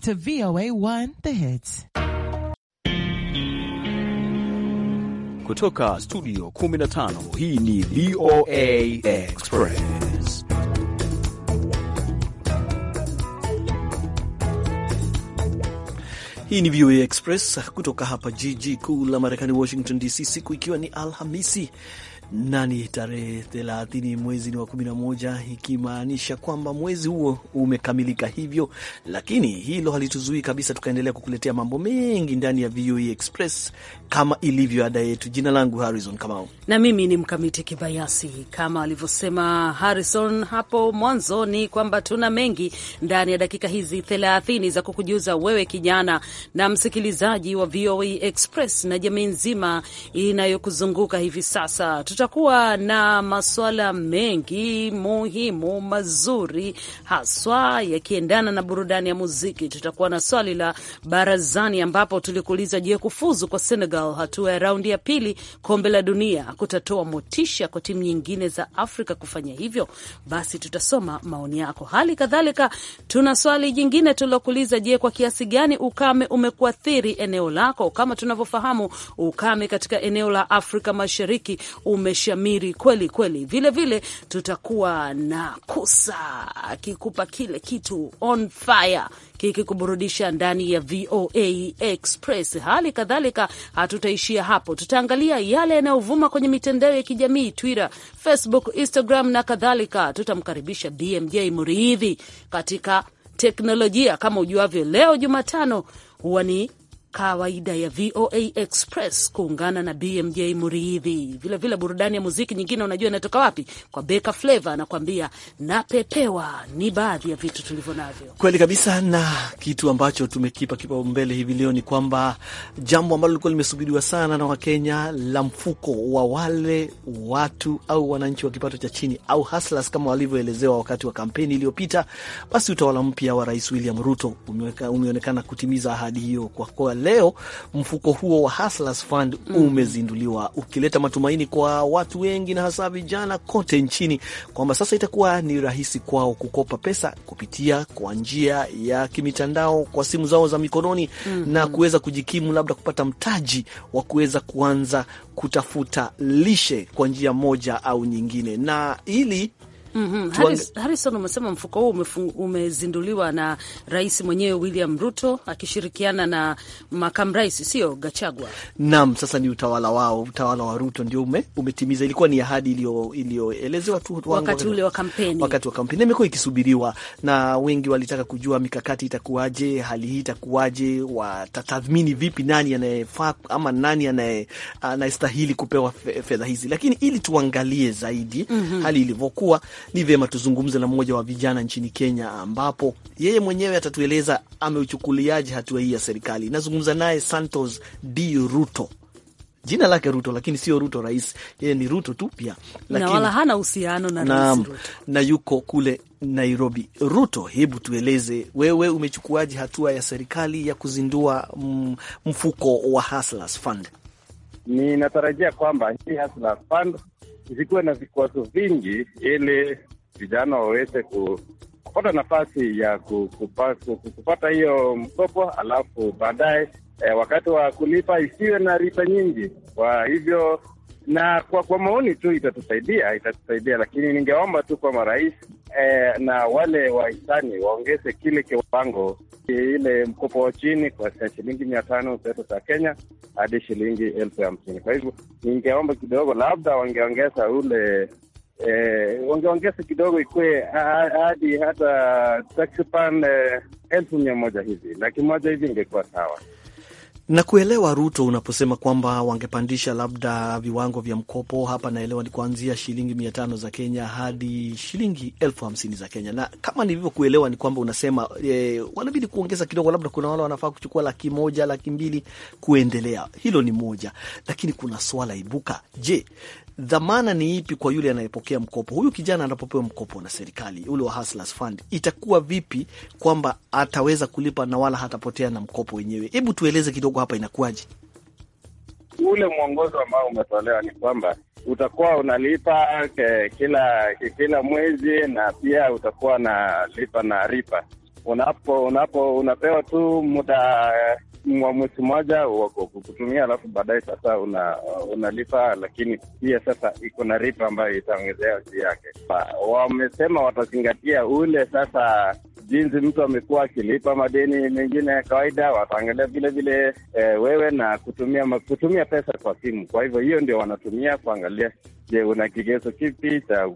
to VOA1 The Hits. Kutoka studio 15 hii ni VOA Express. Hii ni VOA Express kutoka hapa jiji kuu la Marekani Washington DC, siku ikiwa ni Alhamisi nani tarehe thelathini mwezi ni wa 11, ikimaanisha kwamba mwezi huo umekamilika hivyo, lakini hilo halituzuii kabisa tukaendelea kukuletea mambo mengi ndani ya VOA e Express kama ilivyo ada yetu. Jina langu Harrison Kamau na mimi ni mkamiti kibayasi. Kama alivyosema Harrison hapo mwanzo, ni kwamba tuna mengi ndani ya dakika hizi thelathini za kukujuza wewe kijana na msikilizaji wa VOA e Express na jamii nzima inayokuzunguka hivi sasa Tutu tutakuwa na masuala mengi muhimu mazuri, haswa yakiendana na burudani ya muziki. Tutakuwa na swali la barazani, ambapo tulikuuliza, je, kufuzu kwa Senegal hatua ya raundi ya pili kombe la dunia kutatoa motisha kwa timu nyingine za Afrika kufanya hivyo? Basi tutasoma maoni yako. Hali kadhalika tuna swali jingine tulilokuuliza, je, kwa kiasi gani ukame umekuathiri eneo lako? Kama tunavyofahamu ukame katika eneo la Afrika Mashariki ume umeshamiri kweli kweli. Vile vile tutakuwa na Kusa akikupa kile kitu on fire kikikuburudisha ndani ya VOA Express. Hali kadhalika hatutaishia hapo, tutaangalia yale yanayovuma kwenye mitandao ya kijamii Twitter, Facebook, Instagram na kadhalika. Tutamkaribisha BMJ Muridhi katika teknolojia. Kama ujuavyo, leo Jumatano huwa ni kawaida ya VOA Express kuungana na BMJ Muridhi. Vilevile burudani ya muziki nyingine, unajua inatoka wapi? Kwa Beka Flavor anakuambia napepewa. Ni baadhi ya vitu tulivyo navyo kweli kabisa, na kitu ambacho tumekipa kipaumbele hivi leo ni kwamba jambo ambalo lilikuwa limesubiriwa sana na Wakenya la mfuko wa wale watu au wananchi wa kipato cha chini au hustlers kama walivyoelezewa wakati wa kampeni iliyopita, basi utawala mpya wa Rais William Ruto umeonekana kutimiza ahadi hiyo kwa kwa leo mfuko huo wa Hustlers Fund mm. umezinduliwa, ukileta matumaini kwa watu wengi na hasa vijana kote nchini kwamba sasa itakuwa ni rahisi kwao kukopa pesa kupitia kwa njia ya kimitandao kwa simu zao za mikononi mm -hmm. na kuweza kujikimu, labda kupata mtaji wa kuweza kuanza kutafuta lishe kwa njia moja au nyingine, na ili mm -hmm. Tuang... Harrison, umesema mfuko huu umezinduliwa na rais mwenyewe William Ruto akishirikiana na makamu rais, sio Gachagua. Naam, sasa ni utawala wao, utawala wa Ruto ndio ume, umetimiza. Ilikuwa ni ahadi iliyoelezewa tu wakati ule wa kampeni, wakati wa kampeni imekuwa ikisubiriwa na wengi, walitaka kujua mikakati itakuwaje, hali hii itakuwaje, watatathmini vipi, nani anayefaa ama nani anayestahili kupewa fedha hizi, lakini ili tuangalie zaidi mm -hmm. hali ilivyokuwa ni vyema tuzungumze na mmoja wa vijana nchini Kenya, ambapo yeye mwenyewe atatueleza ameuchukuliaje hatua hii ya serikali. Nazungumza naye Santos D Ruto, jina lake Ruto, lakini sio Ruto rais, yeye ni Ruto tu pia, lakini wala hana uhusiano na rais Ruto, na yuko kule Nairobi. Ruto, hebu tueleze wewe umechukuaje hatua ya serikali ya kuzindua mm, mfuko wa Hustlers Fund? Ninatarajia kwamba hii Hustlers Fund zikuwe na vikwazo vingi ili vijana waweze ku, kupata nafasi ya kupata hiyo mkopo, alafu baadaye eh, wakati wa kulipa isiwe na riba nyingi. Kwa hivyo na kwa, kwa maoni tu itatusaidia, itatusaidia, lakini ningeomba tu kwa rais eh, na wale wahisani waongeze kile kiwango ile mkopo wa chini kuanzia shilingi mia tano pesa za Kenya hadi shilingi elfu hamsini. Kwa hivyo ningeomba kidogo, labda wangeongeza ule eh, wangeongeza kidogo ikuwe hadi hata takriban eh, elfu mia moja hivi, laki moja hivi ingekuwa sawa na kuelewa Ruto unaposema kwamba wangepandisha labda viwango vya mkopo hapa, naelewa ni kuanzia shilingi mia tano za Kenya hadi shilingi elfu hamsini za Kenya, na kama nilivyokuelewa ni kwamba unasema e, wanabidi kuongeza kidogo, labda kuna wale wanafaa kuchukua laki moja laki mbili kuendelea. Hilo ni moja, lakini kuna swala ibuka. Je, dhamana ni ipi kwa yule anayepokea mkopo? Huyu kijana anapopewa mkopo na serikali ule wa Hustlers Fund, itakuwa vipi kwamba ataweza kulipa na wala hatapotea na mkopo wenyewe? Hebu tueleze kidogo hapa, inakuwaje? Ule mwongozo ambao umetolewa ni kwamba utakuwa unalipa ke, eh, kila ke, kila mwezi na pia utakuwa unalipa na ripa unapo unapo unapewa tu muda mwa mwezi mmoja kutumia, alafu baadaye sasa una, unalipa, lakini pia sasa iko na ripa ambayo itaongezea juu yake. Wamesema watazingatia ule sasa jinsi mtu amekuwa akilipa madeni mengine ya kawaida, wataangalia vile vile e, wewe na kutumia ma, kutumia pesa kwa simu. Kwa hivyo hiyo ndio wanatumia kuangalia, je, una kigezo kipi cha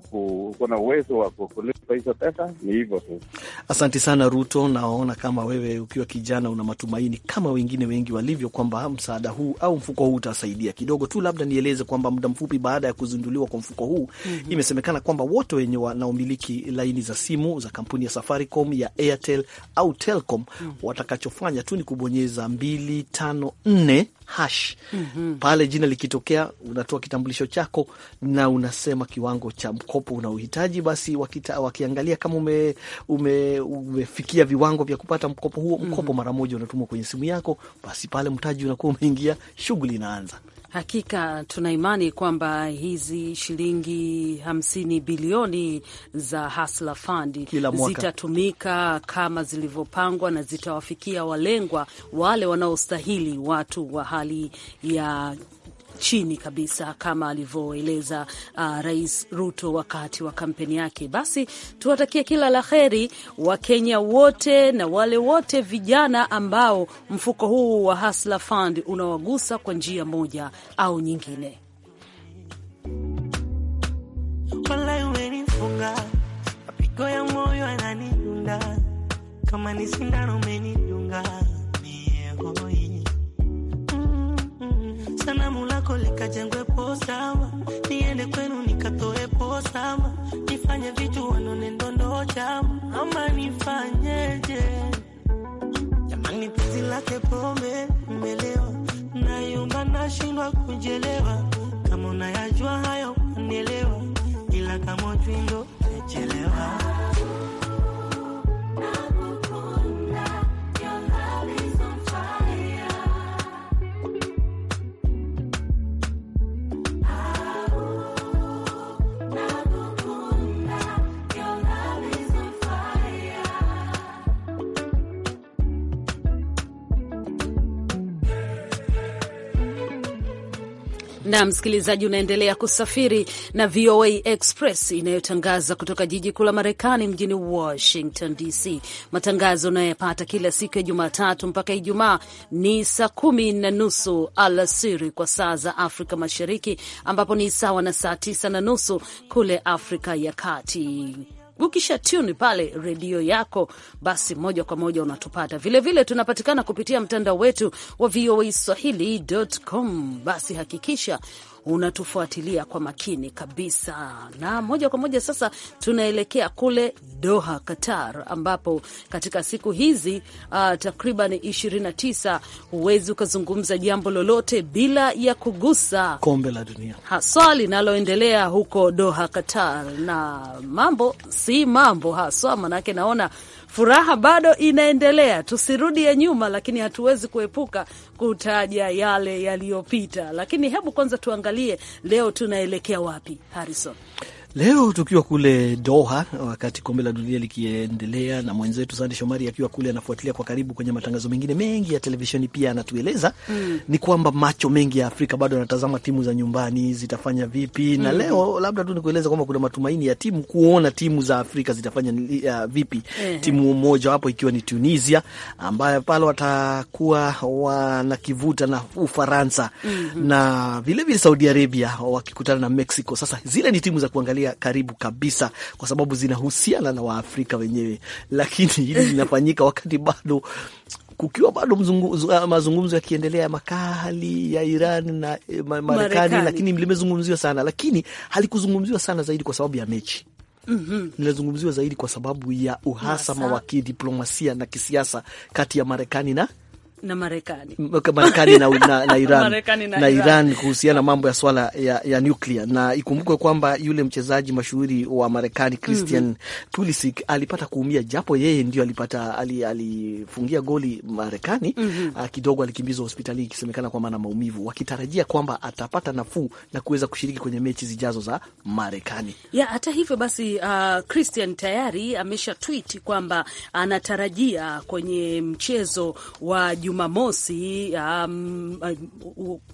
kuna uwezo wa kulipa hizo pesa? Ni hivyo tu. Asanti sana Ruto, naona kama wewe ukiwa kijana una matumaini kama wengine wengi walivyo kwamba msaada huu au mfuko huu utasaidia kidogo tu. Labda nieleze kwamba muda mfupi baada ya kuzinduliwa kwa mfuko huu mm -hmm. imesemekana kwamba wote wenye wanaomiliki laini za simu za kampuni ya Safaricom ya Airtel au Telcom mm. Mm-hmm. Watakachofanya tu ni kubonyeza mbili tano nne hash mm -hmm. Pale jina likitokea, unatoa kitambulisho chako na unasema kiwango cha mkopo unaohitaji. Basi wakita, wakiangalia kama ume, ume, umefikia viwango vya kupata mkopo huo, mkopo mm -hmm. mara moja unatumwa kwenye simu yako, basi pale mtaji unakuwa umeingia, shughuli inaanza. Hakika tuna imani kwamba hizi shilingi hamsini bilioni za Hasla Fund zitatumika kama zilivyopangwa na zitawafikia walengwa wale wanaostahili, watu wa hali ya chini kabisa kama alivyoeleza uh, Rais Ruto wakati wa kampeni yake. Basi tuwatakie kila la heri Wakenya wote na wale wote vijana ambao mfuko huu wa hasla Fund unawagusa kwa njia moja au nyingine. Wala umenifunga mapigo ya moyo kama ni sindano umenidunga sanamu lako likajengwepo sawa, niende kwenu nikatoepo sawa, nifanye vitu wanone ndondo chama ama nifanyeje? Jamani, penzi lake pombe mmelewa, nayumba nashindwa kujelewa, kama unayajua hayo unielewa, ila kama jwindo nechelewa na msikilizaji, unaendelea kusafiri na VOA Express inayotangaza kutoka jiji kuu la Marekani, mjini Washington DC. Matangazo unayoyapata kila siku ya Jumatatu mpaka Ijumaa ni saa kumi na nusu alasiri kwa saa za Afrika Mashariki, ambapo ni sawa na saa tisa na nusu kule Afrika ya Kati ukisha tune pale redio yako, basi moja kwa moja unatupata. Vilevile tunapatikana kupitia mtandao wetu wa voa swahilicom Basi hakikisha unatufuatilia kwa makini kabisa. Na moja kwa moja sasa tunaelekea kule Doha, Qatar, ambapo katika siku hizi uh, takriban 29 huwezi ukazungumza jambo lolote bila ya kugusa kombe la dunia haswa linaloendelea huko Doha, Qatar, na mambo si mambo haswa, manake naona furaha bado inaendelea. tusirudi ya nyuma, lakini hatuwezi kuepuka kutaja yale yaliyopita, lakini hebu kwanza tuangalie tuangalie leo tunaelekea wapi, Harrison? Leo tukiwa kule Doha, wakati kombe la dunia likiendelea, na mwenzetu Sande Shomari akiwa kule anafuatilia kwa karibu kwenye matangazo mengine mengi ya televisheni, pia anatueleza mm, ni kwamba macho mengi ya Afrika bado anatazama timu za nyumbani zitafanya vipi, na mm, leo labda tu nikueleza kwamba kuna matumaini ya timu kuona timu za Afrika zitafanya uh, vipi mm -hmm. Timu moja wapo ikiwa ni Tunisia ambayo pale watakuwa wanakivuta na Ufaransa mm -hmm. na vilevile Saudi Arabia wakikutana na Mexico. Sasa zile ni timu za kuangalia historia karibu kabisa, kwa sababu zinahusiana na Waafrika wenyewe, lakini hili linafanyika wakati bado kukiwa bado ah, mazungumzo yakiendelea ya makali ya Iran na eh, Marekani, lakini limezungumziwa sana, lakini halikuzungumziwa sana zaidi kwa sababu ya mechi Mm -hmm. zaidi kwa sababu ya uhasama wa kidiplomasia na kisiasa kati ya Marekani na na Marekani Marekani na, na, na Iran na, Iran, Iran kuhusiana mambo ya swala ya, ya nuclear, na ikumbukwe kwamba yule mchezaji mashuhuri wa Marekani Christian mm -hmm. Pulisic alipata kuumia, japo yeye ndio alipata alifungia ali goli Marekani mm -hmm. kidogo alikimbizwa hospitali ikisemekana kwamba na maumivu, wakitarajia kwamba atapata nafuu na kuweza kushiriki kwenye mechi zijazo za Marekani. Ya hata hivyo basi, uh, Christian tayari amesha tweet kwamba anatarajia kwenye mchezo wa jum Jumamosi um,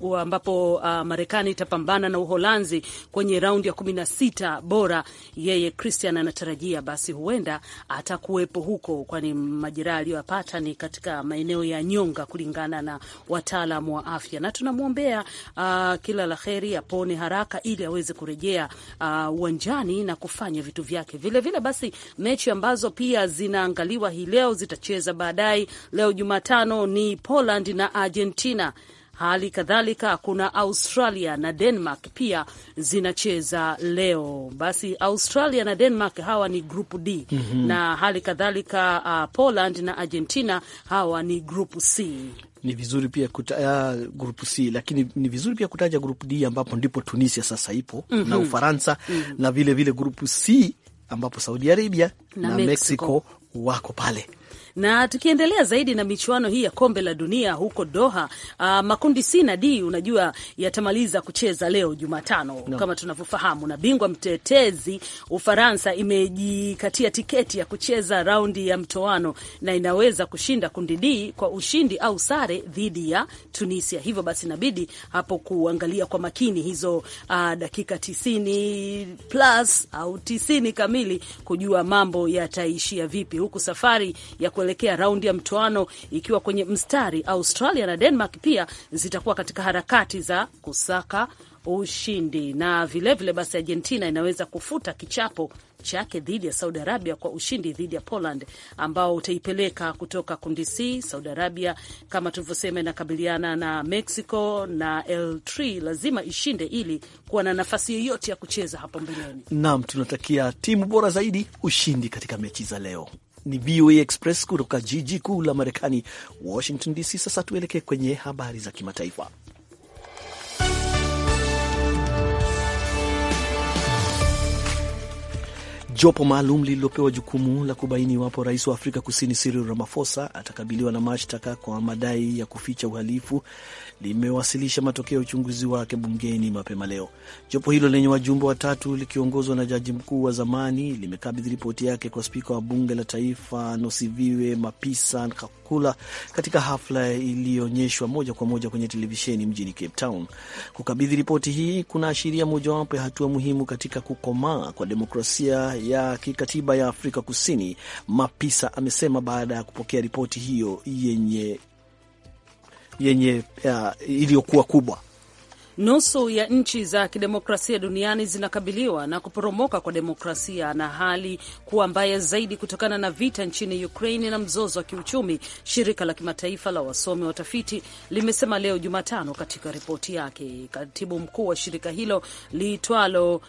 uh, ambapo uh, Marekani itapambana na Uholanzi kwenye raundi ya kumi na sita bora. Yeye Christian anatarajia basi huenda atakuwepo huko, kwani majeraha aliyoyapata ni katika maeneo ya nyonga, kulingana na wataalam wa afya, na tunamwombea uh, kila la heri, apone haraka ili aweze kurejea uh, uwanjani uh, na kufanya vitu vyake vilevile. Vile basi mechi ambazo pia zinaangaliwa hii leo zitacheza baadaye leo Jumatano ni ni Poland na Argentina. Hali kadhalika kuna Australia na Denmark pia zinacheza leo. Basi Australia na Denmark hawa ni grupu D mm -hmm. na hali kadhalika uh, Poland na Argentina hawa ni grupu C. Ni vizuri pia kutaja uh, grupu C, lakini ni vizuri pia kutaja grupu D ambapo ndipo Tunisia sasa ipo mm -hmm. na Ufaransa mm -hmm. na vilevile grupu C ambapo Saudi Arabia na, na Mexico, Mexico wako pale na tukiendelea zaidi na michuano hii ya kombe la dunia huko Doha, uh, makundi C na D unajua yatamaliza kucheza leo Jumatano no. kama tunavyofahamu, na bingwa mtetezi Ufaransa imejikatia tiketi ya kucheza raundi ya mtoano na inaweza kushinda kundi D kwa ushindi au sare dhidi ya Tunisia. Hivyo basi inabidi hapo kuangalia kwa makini hizo uh, dakika tisini plus au tisini kamili kujua mambo yataishia vipi, huku safari ya kuelekea raundi ya mtoano ikiwa kwenye mstari. Australia na Denmark pia zitakuwa katika harakati za kusaka ushindi na vilevile vile basi, Argentina inaweza kufuta kichapo chake dhidi ya Saudi Arabia kwa ushindi dhidi ya Poland ambao utaipeleka kutoka kundi C. Saudi Arabia kama tulivyosema, inakabiliana na Mexico na L3 lazima ishinde ili kuwa na nafasi yoyote ya kucheza hapo mbeleni. Naam, tunatakia timu bora zaidi ushindi katika mechi za leo. Ni VOA Express kutoka jiji kuu la Marekani, Washington DC. Sasa tuelekee kwenye habari za kimataifa. Jopo maalum lililopewa jukumu la kubaini iwapo rais wa Afrika Kusini Cyril Ramaphosa atakabiliwa na mashtaka kwa madai ya kuficha uhalifu limewasilisha matokeo ya uchunguzi wake bungeni mapema leo. Jopo hilo lenye wajumbe watatu likiongozwa na jaji mkuu wa zamani limekabidhi ripoti yake kwa spika wa bunge la taifa Nosiviwe Mapisa Kakula katika hafla iliyoonyeshwa moja kwa moja kwenye televisheni mjini Cape Town. Kukabidhi ripoti hii kunaashiria mojawapo ya hatua muhimu katika kukomaa kwa demokrasia ya kikatiba ya Afrika Kusini Mapisa amesema baada ya kupokea ripoti hiyo yenye yenye uh, iliyokuwa kubwa Nusu ya nchi za kidemokrasia duniani zinakabiliwa na kuporomoka kwa demokrasia na hali kuwa mbaya zaidi kutokana na vita nchini ukrain na mzozo wa kiuchumi, shirika la kimataifa la wasomi watafiti limesema leo Jumatano katika ripoti yake. Katibu mkuu wa shirika hilo liitwalo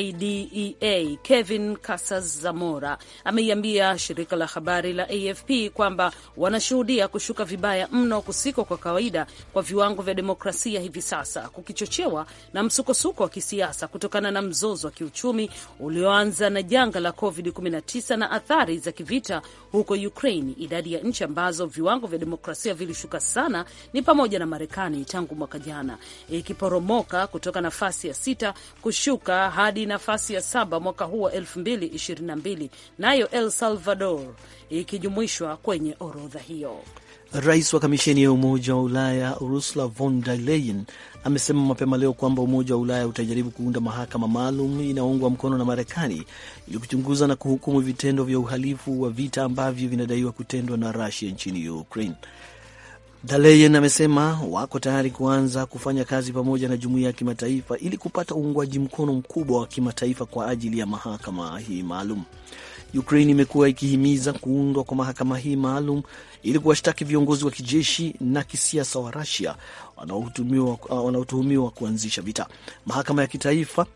IDEA Kevin Casas Zamora ameiambia shirika la habari la AFP kwamba wanashuhudia kushuka vibaya mno kusiko kwa kawaida kwa viwango vya demokrasia hivi sasa kuki yakichochewa na msukosuko wa kisiasa kutokana na mzozo wa kiuchumi ulioanza na janga la COVID-19 na athari za kivita huko Ukraine. Idadi ya nchi ambazo viwango vya demokrasia vilishuka sana ni pamoja na Marekani tangu mwaka jana, ikiporomoka kutoka nafasi ya sita kushuka hadi nafasi ya saba mwaka huu wa 2022, nayo El Salvador ikijumuishwa kwenye orodha hiyo. Rais wa Kamisheni ya Umoja wa Ulaya Ursula von der Leyen amesema mapema leo kwamba Umoja wa Ulaya utajaribu kuunda mahakama maalum inayoungwa mkono na Marekani ili kuchunguza na kuhukumu vitendo vya uhalifu wa vita ambavyo vinadaiwa kutendwa na Rusia nchini Ukraine. Daleyen amesema wako tayari kuanza kufanya kazi pamoja na jumuiya ya kimataifa ili kupata uungwaji mkono mkubwa wa kimataifa kwa ajili ya mahakama hii maalum. Ukraine imekuwa ikihimiza kuundwa kwa mahakama hii maalum ili kuwashtaki viongozi wa kijeshi na kisiasa wa Russia wanaotuhumiwa kuanzisha vita. Mahakama ya kitaifa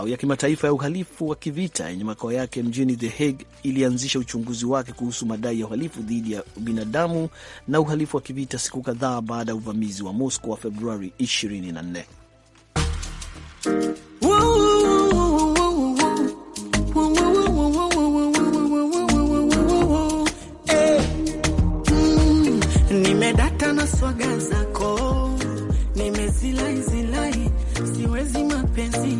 au ya kimataifa ya uhalifu wa kivita yenye makao yake mjini The Hague ilianzisha uchunguzi wake kuhusu madai ya uhalifu dhidi ya binadamu na uhalifu wa kivita siku kadhaa baada ya uvamizi wa Moscow wa Februari 24. swaga zako, nimezilai zilai, siwezi mapenzi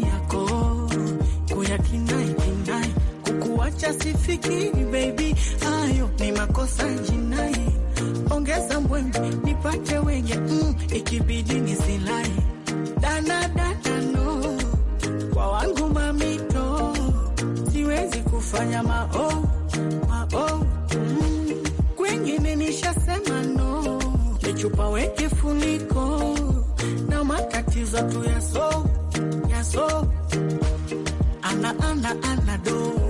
wacha sifiki, baby, hayo ni makosa jinai, ongeza mbwembe nipate wege mm, ikibidi dana no kwa wangu mamito, siwezi kufanya mao mao mm, kwengine nishasema no, nichupa weke funiko na matatizo tu yaso yaso ana ana ana do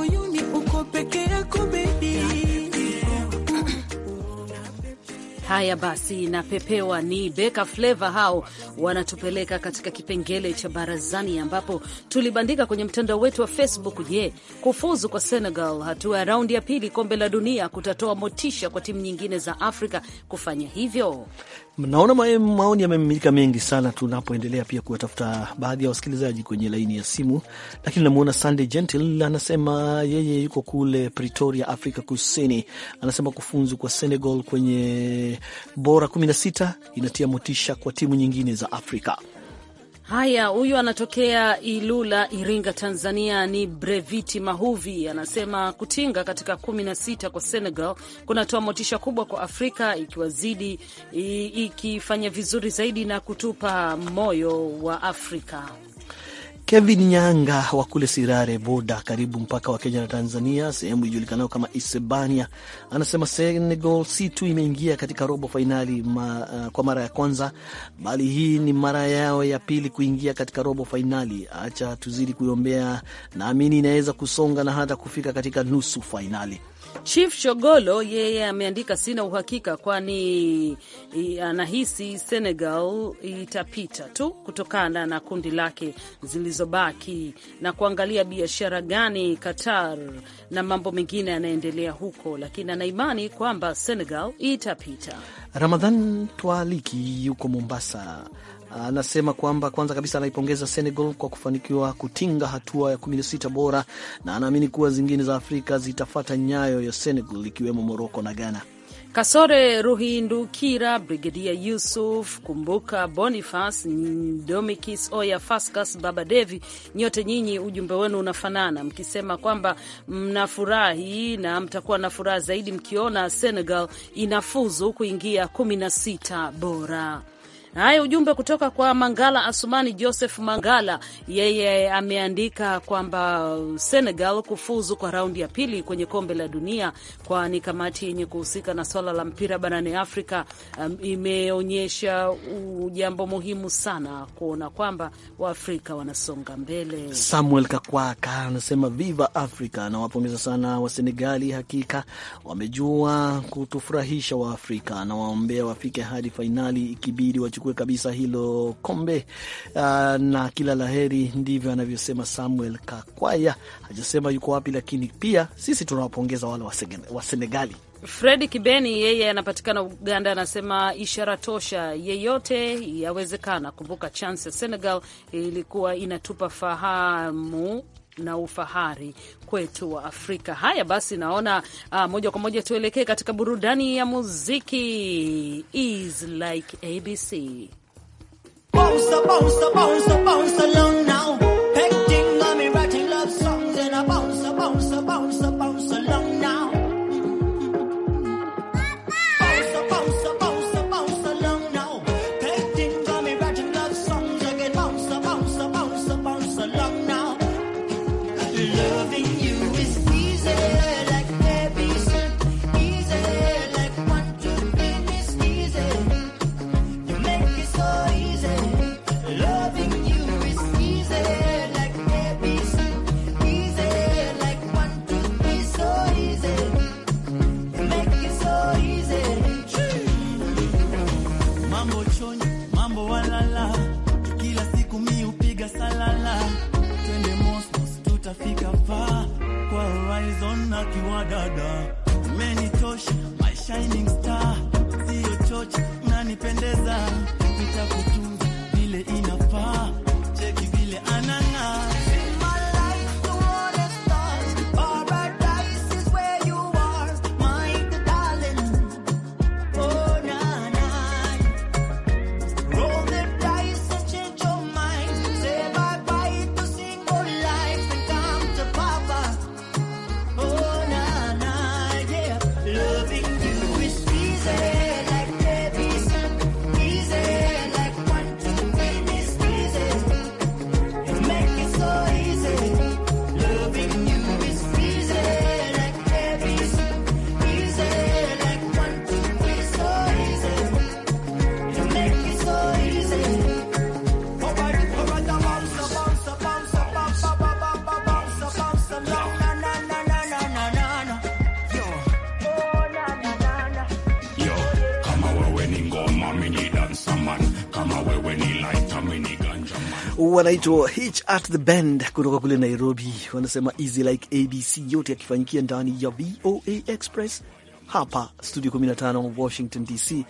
Haya basi, na pepewa ni Beka Flava, hao wanatupeleka katika kipengele cha barazani, ambapo tulibandika kwenye mtandao wetu wa Facebook. Je, kufuzu kwa Senegal hatua ya raundi ya pili kombe la dunia kutatoa motisha kwa timu nyingine za Afrika kufanya hivyo? Naona maoni yamemimilika mengi sana, tunapoendelea pia kuwatafuta baadhi ya wasikilizaji kwenye laini ya simu, lakini namwona Sunday Gentle anasema yeye yuko kule Pretoria, Afrika Kusini. Anasema kufunzu kwa Senegal kwenye bora 16 inatia motisha kwa timu nyingine za Afrika. Haya, huyu anatokea Ilula, Iringa, Tanzania. Ni Breviti Mahuvi anasema kutinga katika kumi na sita kwa Senegal kunatoa motisha kubwa kwa Afrika ikiwazidi, ikifanya vizuri zaidi na kutupa moyo wa Afrika. Kevin Nyanga wa kule Sirare boda karibu mpaka wa Kenya na Tanzania, sehemu ijulikanayo kama Isebania, anasema Senegal si tu imeingia katika robo fainali ma, uh, kwa mara ya kwanza, bali hii ni mara yao ya pili kuingia katika robo fainali. Acha tuzidi kuiombea, naamini inaweza kusonga na hata kufika katika nusu fainali. Chief Shogolo yeye ameandika, sina uhakika, kwani anahisi Senegal itapita tu kutokana na kundi lake zilizobaki na kuangalia biashara gani Qatar na mambo mengine yanaendelea huko, lakini anaimani kwamba Senegal itapita. Ramadhan Twaliki yuko Mombasa anasema kwamba kwanza kabisa anaipongeza Senegal kwa kufanikiwa kutinga hatua ya kumi na sita bora na anaamini kuwa zingine za Afrika zitafata nyayo ya Senegal ikiwemo Moroko na Ghana. Kasore Ruhindukira, Brigedia Yusuf Kumbuka, Bonifas Domikis Oya, Faskas Baba Devi, nyote nyinyi ujumbe wenu unafanana mkisema kwamba mnafurahi na mtakuwa na furaha zaidi mkiona Senegal inafuzu kuingia kumi na sita bora haya ujumbe kutoka kwa Mangala Asumani Joseph Mangala, yeye ameandika kwamba Senegal kufuzu kwa raundi ya pili kwenye kombe la dunia, kwani kamati yenye kuhusika na swala la mpira barani Afrika um, imeonyesha jambo muhimu sana kuona kwamba Waafrika wanasonga mbele. Samuel Kakwaka anasema viva Afrika, nawapongeza sana Wasenegali, hakika wamejua kutufurahisha Waafrika, anawaombea wafike hadi fainali ikibidi wachu tuchukue kabisa hilo kombe uh, na kila laheri, ndivyo anavyosema Samuel Kakwaya. Hajasema yuko wapi, lakini pia sisi tunawapongeza wale wa Senegali. Fredi Kibeni yeye anapatikana Uganda, anasema ishara tosha, yeyote yawezekana. Kumbuka chance ya Senegal ilikuwa inatupa fahamu na ufahari kwetu wa Afrika. Haya basi, naona uh, moja kwa moja tuelekee katika burudani ya muziki is like abc bounce, bounce, bounce, bounce along now. nimefika pa kwa horizon na kiwadada, tosh my shining star, siyo choche, unanipendeza wanaitwa Hitch at the Bend kutoka kule Nairobi, wanasema easy like ABC, yote yakifanyikia ndani ya VOA Express hapa studio 15 Washington DC,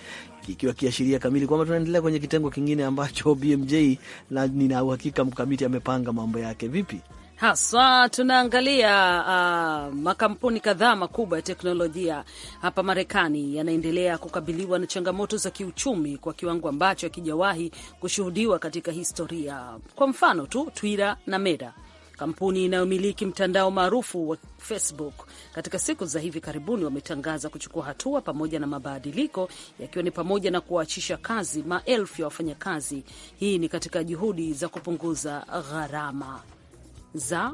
kikiwa kiashiria kamili kwamba tunaendelea kwenye kitengo kingine ambacho BMJ, na nina uhakika mkamiti amepanga mambo yake vipi. Haswa tunaangalia uh, makampuni kadhaa makubwa ya teknolojia hapa Marekani yanaendelea kukabiliwa na changamoto za kiuchumi kwa kiwango ambacho hakijawahi kushuhudiwa katika historia. Kwa mfano tu, Twitter na Meta, kampuni inayomiliki mtandao maarufu wa Facebook, katika siku za hivi karibuni wametangaza kuchukua hatua pamoja na mabadiliko, yakiwa ni pamoja na kuwaachisha kazi maelfu ya wafanyakazi. Hii ni katika juhudi za kupunguza gharama za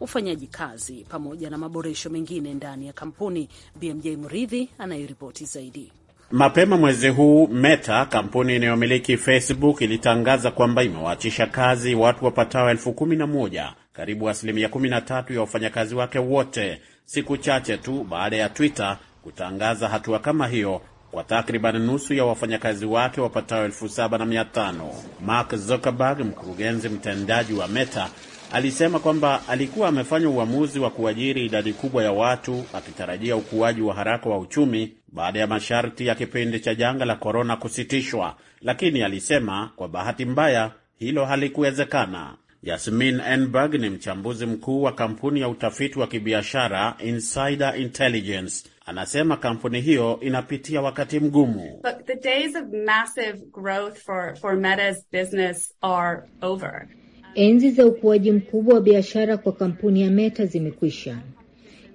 ufanyaji kazi pamoja na maboresho mengine ndani ya kampuni. BMJ Mridhi anayeripoti zaidi. Mapema mwezi huu Meta, kampuni inayomiliki Facebook, ilitangaza kwamba imewaachisha kazi watu wapatao elfu kumi na moja, karibu asilimia 13 ya wafanyakazi wake wote, siku chache tu baada ya Twitter kutangaza hatua kama hiyo kwa takriban nusu ya wafanyakazi wake wapatao elfu saba na mia tano. Mark Zuckerberg, mkurugenzi mtendaji wa Meta, alisema kwamba alikuwa amefanya uamuzi wa kuajiri idadi kubwa ya watu akitarajia ukuaji wa haraka wa uchumi baada ya masharti ya kipindi cha janga la korona kusitishwa, lakini alisema kwa bahati mbaya hilo halikuwezekana. Yasmin Enberg ni mchambuzi mkuu wa kampuni ya utafiti wa kibiashara Insider Intelligence. Anasema kampuni hiyo inapitia wakati mgumu. the days of massive growth for, for Meta's business are over. Enzi za ukuaji mkubwa wa biashara kwa kampuni ya Meta zimekwisha.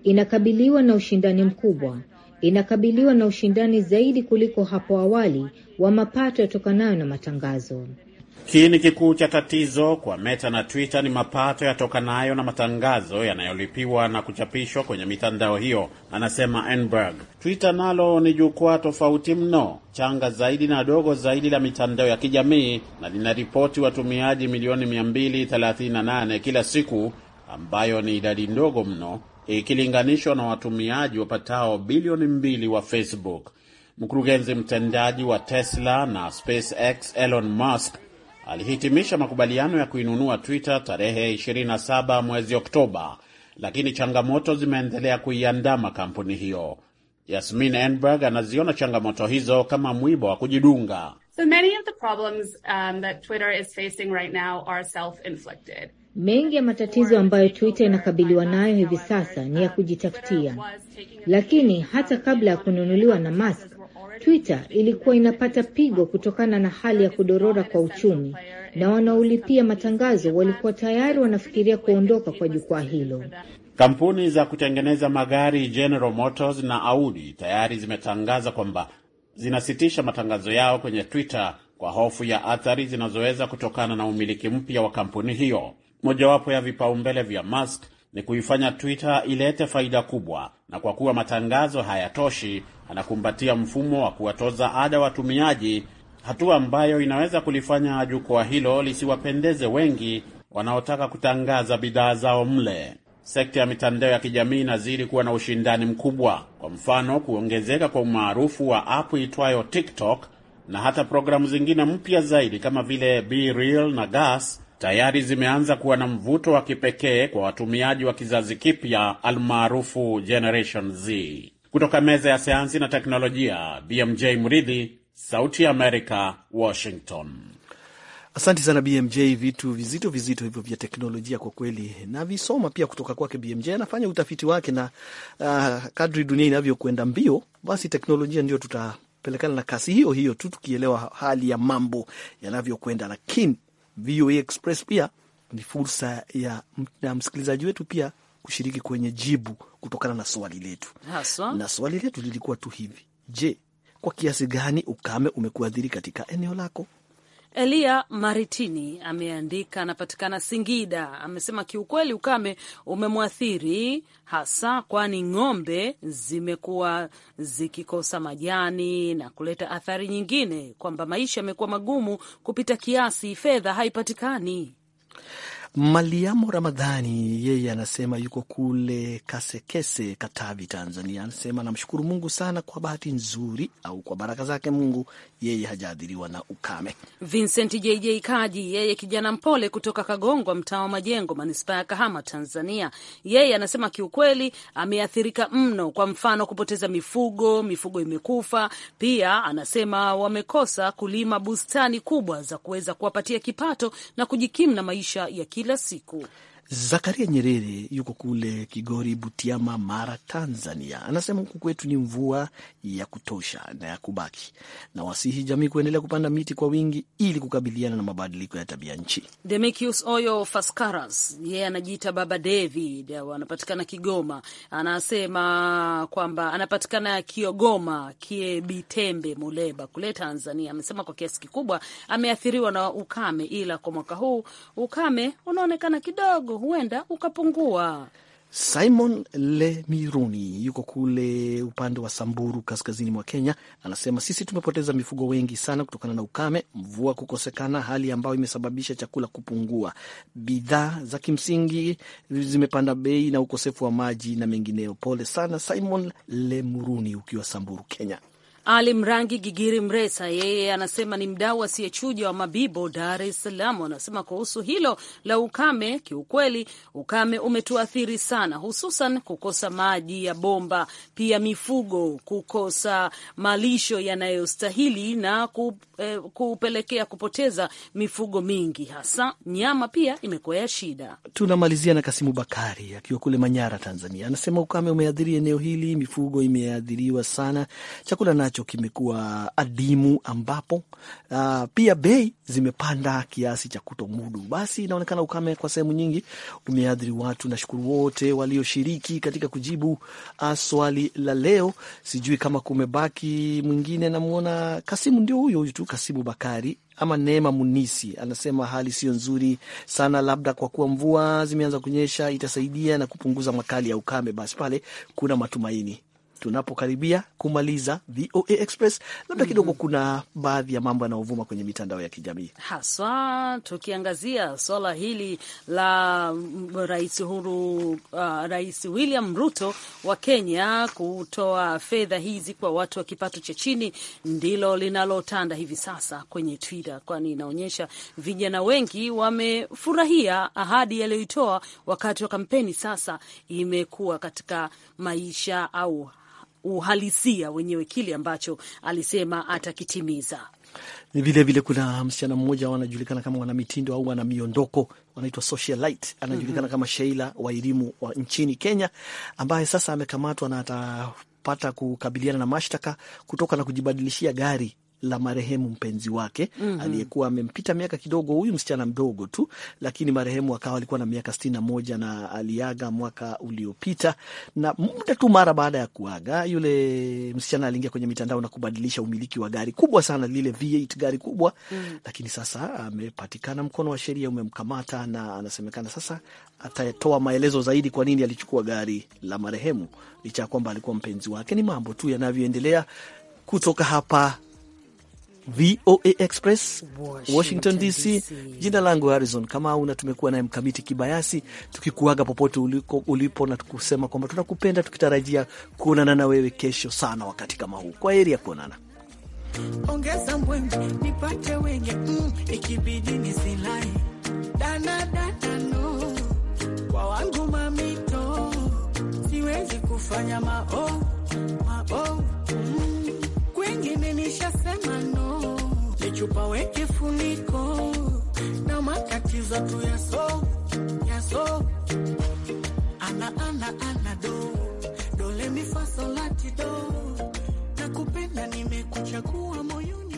Inakabiliwa na ushindani mkubwa, inakabiliwa na ushindani zaidi kuliko hapo awali wa mapato yatokanayo na matangazo. Kiini kikuu cha tatizo kwa Meta na Twitter ni mapato yatokanayo na matangazo yanayolipiwa na kuchapishwa kwenye mitandao hiyo, anasema Enberg. Twitter nalo ni jukwaa tofauti mno, changa zaidi na dogo zaidi la mitandao ya kijamii, na linaripoti watumiaji milioni 238 kila siku, ambayo ni idadi ndogo mno ikilinganishwa na watumiaji wapatao bilioni mbili wa Facebook. Mkurugenzi mtendaji wa Tesla na SpaceX Elon Musk alihitimisha makubaliano ya kuinunua Twitter tarehe 27 mwezi Oktoba, lakini changamoto zimeendelea kuiandama kampuni hiyo. Yasmin Enberg anaziona changamoto hizo kama mwiba wa kujidunga. So many of the problems, um, that Twitter is facing right now are self-inflicted. Mengi ya matatizo ambayo Twitter inakabiliwa nayo hivi sasa ni ya kujitafutia, lakini hata kabla ya kununuliwa na Musk Twitter ilikuwa inapata pigo kutokana na hali ya kudorora kwa uchumi na wanaolipia matangazo walikuwa tayari wanafikiria kuondoka kwa jukwaa hilo. Kampuni za kutengeneza magari General Motors na Audi tayari zimetangaza kwamba zinasitisha matangazo yao kwenye Twitter kwa hofu ya athari zinazoweza kutokana na umiliki mpya wa kampuni hiyo. Mojawapo ya vipaumbele vya Musk ni kuifanya Twitter ilete faida kubwa, na kwa kuwa matangazo hayatoshi, anakumbatia mfumo wa kuwatoza ada watumiaji, hatua ambayo inaweza kulifanya jukwaa hilo lisiwapendeze wengi wanaotaka kutangaza bidhaa zao mle. Sekta ya mitandao ya kijamii inazidi kuwa na ushindani mkubwa. Kwa mfano, kuongezeka kwa umaarufu wa apu itwayo TikTok na hata programu zingine mpya zaidi kama vile BeReal na Gas tayari zimeanza kuwa na mvuto wa kipekee kwa watumiaji wa kizazi kipya almaarufu Generation Z. Kutoka meza ya sayansi na teknolojia, BMJ Mridhi, Sauti ya Amerika, Washington. Asante sana BMJ, vitu vizito vizito hivyo vya teknolojia kwa kweli, navisoma pia kutoka kwake. BMJ anafanya utafiti wake na uh, kadri dunia inavyokwenda mbio, basi teknolojia ndio tutapelekana na kasi hiyo hiyo tu, tukielewa hali ya mambo yanavyokwenda, lakini VOA Express pia ni fursa ya, ya msikilizaji wetu pia kushiriki kwenye jibu kutokana na swali letu Haswa. Na swali letu lilikuwa tu hivi: je, kwa kiasi gani ukame umekuathiri katika eneo lako? Elia Maritini ameandika, anapatikana Singida. Amesema kiukweli ukame umemwathiri hasa, kwani ng'ombe zimekuwa zikikosa majani na kuleta athari nyingine, kwamba maisha yamekuwa magumu kupita kiasi, fedha haipatikani. Maliamo Ramadhani yeye anasema yuko kule Kasekese, Katavi, Tanzania. Anasema namshukuru Mungu sana kwa bahati nzuri au kwa baraka zake Mungu, yeye hajaathiriwa na ukame. Vincent JJ Kaji yeye kijana mpole kutoka Kagongwa, mtaa wa Majengo, manispaa ya Kahama, Tanzania. Yeye anasema kiukweli ameathirika mno, kwa mfano kupoteza mifugo, mifugo imekufa. Pia anasema wamekosa kulima bustani kubwa za kuweza kuwapatia kipato na kujikimu na maisha ya kila siku. Zakaria Nyerere yuko kule Kigori, Butiama, Mara, Tanzania. Anasema huku kwetu ni mvua ya kutosha na ya kubaki, na wasihi jamii kuendelea kupanda miti kwa wingi ili kukabiliana na mabadiliko ya tabia nchi. Demikius Oyo Faskaras yeye yeah, anajiita Baba David, anapatikana Kigoma. Anasema kwamba anapatikana Kiogoma, Kiebitembe, Muleba kule Tanzania. Amesema kwa kiasi kikubwa ameathiriwa na ukame, ila kwa mwaka huu ukame unaonekana kidogo huenda ukapungua. Simon Lemiruni yuko kule upande wa Samburu, kaskazini mwa Kenya, anasema sisi tumepoteza mifugo wengi sana kutokana na ukame, mvua kukosekana, hali ambayo imesababisha chakula kupungua, bidhaa za kimsingi zimepanda bei na ukosefu wa maji na mengineyo. Pole sana Simon Lemuruni ukiwa Samburu, Kenya. Ali Mrangi Gigiri Mresa yeye anasema ni mdau asiyechuja wa Mabibo, Dar es Salaam. Anasema kuhusu hilo la ukame, kiukweli ukame umetuathiri sana, hususan kukosa maji ya bomba, pia mifugo kukosa malisho yanayostahili na ku, eh, kupelekea kupoteza mifugo mingi, hasa nyama pia imekuwa ya shida. Tunamalizia na Kasimu Bakari akiwa kule Manyara, Tanzania, anasema ukame umeathiri eneo hili, mifugo imeathiriwa sana, chakula na ambacho kimekuwa adimu, ambapo uh, pia bei zimepanda kiasi cha kutomudu. Basi inaonekana ukame kwa sehemu nyingi umeathiri watu. Nashukuru wote walioshiriki katika kujibu uh, swali la leo. Sijui kama kumebaki mwingine, namwona Kasimu, ndio huyo huyu tu, Kasimu Bakari ama Neema Munisi anasema hali sio nzuri sana, labda kwa kuwa mvua zimeanza kunyesha itasaidia na kupunguza makali ya ukame. Basi pale kuna matumaini tunapokaribia kumaliza VOA Express, labda mhm. kidogo mm -hmm. kuna baadhi ya mambo yanayovuma kwenye mitandao ya kijamii haswa tukiangazia swala hili la rais huru, uh, Rais William Ruto wa Kenya kutoa fedha hizi kwa watu wa kipato cha chini, ndilo linalotanda hivi sasa kwenye Twitter, kwani inaonyesha vijana wengi wamefurahia ahadi aliyoitoa wakati wa kampeni. Sasa imekuwa katika maisha au uhalisia wenyewe kile ambacho alisema atakitimiza. Vilevile vile kuna msichana mmoja wanajulikana kama wana mitindo au wana miondoko wanaitwa socialite, anajulikana mm -hmm. kama Sheila wa elimu wa nchini Kenya, ambaye sasa amekamatwa na atapata kukabiliana na mashtaka kutoka na kujibadilishia gari la marehemu mpenzi wake mm -hmm. aliyekuwa amempita miaka kidogo, huyu msichana mdogo tu, lakini marehemu akawa alikuwa na miaka sitini na moja na aliaga mwaka uliopita, na muda tu mara baada ya kuaga yule msichana aliingia kwenye mitandao na kubadilisha umiliki wa gari kubwa sana lile V8 gari kubwa mm -hmm. lakini sasa amepatikana, mkono wa sheria umemkamata na anasemekana sasa atatoa maelezo zaidi kwa nini alichukua gari la marehemu licha ya kwamba alikuwa mpenzi wake. Ni mambo tu yanavyoendelea kutoka hapa VOA Express Washington, Washington DC. Jina langu Harrison Kamau na tumekuwa naye Mkamiti Kibayasi tukikuaga popote uliko, ulipo na tukusema kwamba tunakupenda tukitarajia kuonana na wewe kesho sana wakati kama huu. Kwa heri ya kuonana. Ongeza nipate mm, ikibidi dana dana no kwa wangu mamito siwezi kufanya mao mao mm, kwengine nishasema chupa weke funiko na makatizo tu ya so ya so ana ana ana do dole ti do nakupenda nimekuchagua moyoni